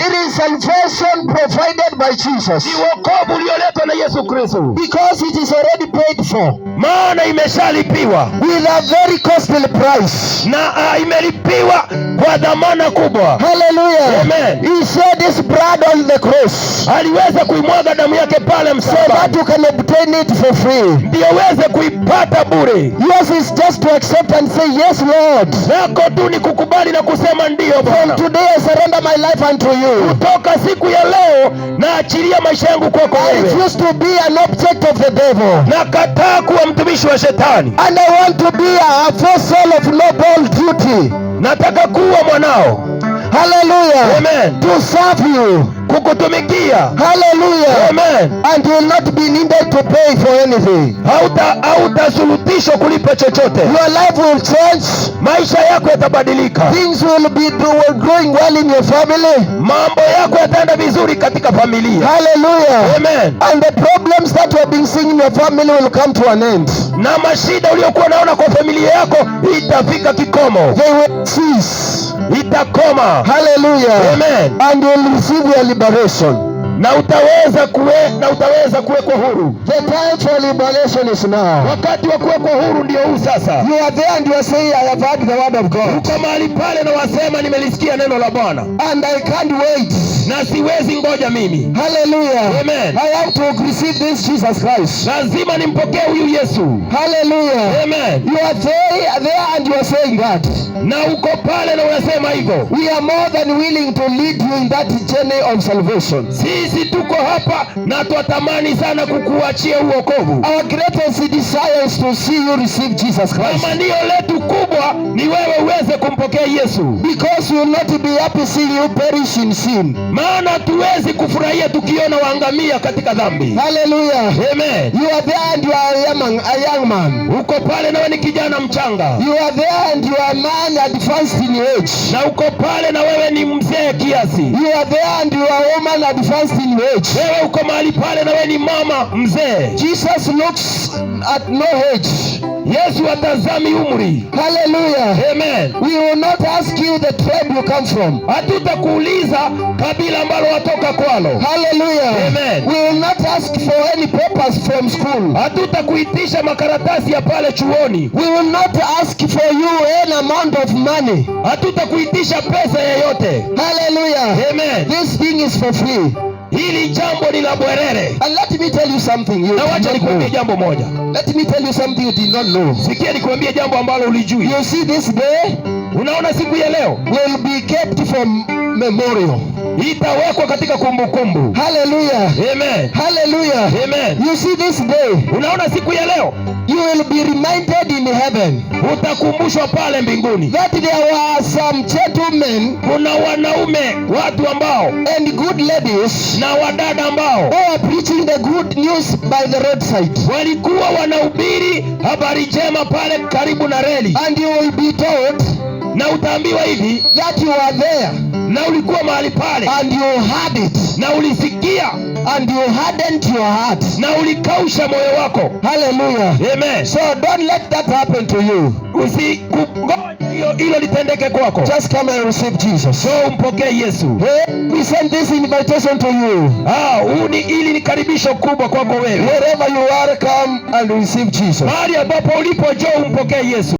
It is salvation provided by Jesus. Ni wokovu ulioletwa na Yesu Kristo. Because it is already paid for maana imeshalipiwa with a very costly price, na uh, imelipiwa kwa dhamana kubwa. Hallelujah, amen. He shed his blood on the cross, aliweza kuimwaga damu yake pale msalaba, so that you can obtain it for free, ndio uweze kuipata bure. Yes, is just to accept and say yes Lord, yako tu ni kukubali na kusema ndio Bwana. From today I surrender my life unto you, kutoka siku ya leo naachilia maisha yangu kwako wewe. I refuse to be an object of the devil, nakataa kuwa mtumishi wa Shetani. And I want to be a vessel of noble duty. Nataka kuwa mwanao. Hallelujah. Amen. To serve you kukutumikia. Haleluya, amen. And you will not be needed to pay for anything. Hautasulutishwa hauta kulipa chochote. Your life will change. Maisha yako yatabadilika. Things will be growing well in your family. Mambo yako yataenda vizuri katika familia. Haleluya, amen. And the problems that you have been seeing in your family will come to an end na mashida uliyokuwa naona kwa familia yako itafika kikomo, they will cease, itakoma. Hallelujah, amen, and will receive your liberation na utaweza kuwe, na utaweza kuwekwa huru. The time for liberation is now. Wakati wa kuwekwa huru ndio huu sasa. You are there and you are saying I have heard the word of God. Uko mahali pale na wasema nimelisikia neno la Bwana. And I can't wait. Na siwezi ngoja mimi. Hallelujah. Amen. I have to receive this Jesus Christ. Lazima nimpokee huyu Yesu. Hallelujah. Amen. You are there, there and you are saying that. Na uko pale na unasema hivyo. We are more than willing to lead you in that journey of salvation. Si sisi tuko hapa na twatamani sana kukuachia uokovu. Our greatest desire is to see you receive Jesus Christ. Tamanio letu kubwa ni wewe uweze kumpokea Yesu. Because you will not be happy seeing you perish in sin. Maana tuwezi kufurahia tukiona waangamia katika dhambi. Hallelujah. Amen. You are there and you are a young, a young man. Uko pale nawe ni kijana mchanga. You are there and you are a man advanced in age. Na uko pale na wewe ni mzee kiasi. You are there and you are a woman advanced age. Wewe uko mahali pale na wewe ni mama mzee. Jesus looks at no age. Yesu atazami umri. Hallelujah. Amen. We will not ask you the tribe you come from. Hatutakuuliza kabila ambalo watoka kwalo. Hallelujah. Amen. We will not ask for any papers from school. Hatutakuitisha makaratasi ya pale chuoni. We will not ask for you any amount of money. Hatutakuitisha pesa yoyote. Hallelujah. Amen. This thing is for free. Hili jambo ni la Bwerere. And let me tell you something you na wacha nikuambie jambo moja. Let me tell you something you did not know. Sikia nikuambie jambo ambalo ulijui. You see this day, unaona siku ya leo will be kept from memorial itawekwa katika kumbukumbu. Haleluya, amen, haleluya, amen. You see this day, unaona siku ya leo, you will be reminded in heaven, utakumbushwa pale mbinguni, that there were some gentlemen, kuna wanaume watu ambao, and good ladies, na wadada ambao, they were preaching the good news by the roadside, walikuwa wanahubiri habari njema pale karibu na reli, and you will be na utaambiwa hivi that you are there, na ulikuwa mahali pale and you heard it, na ulisikia and you hardened your heart, na ulikausha moyo wako. Hallelujah, amen. So don't let that happen to you. Usikungoja hilo litendeke kwako. Just come and receive Jesus. So umpokee Yesu. Hey, we send this invitation to you. Ah, uni ili ni karibisho kubwa kwako wewe. Wherever you are, come and receive Jesus. Mahali ambapo ulipo, njoo umpokee Yesu.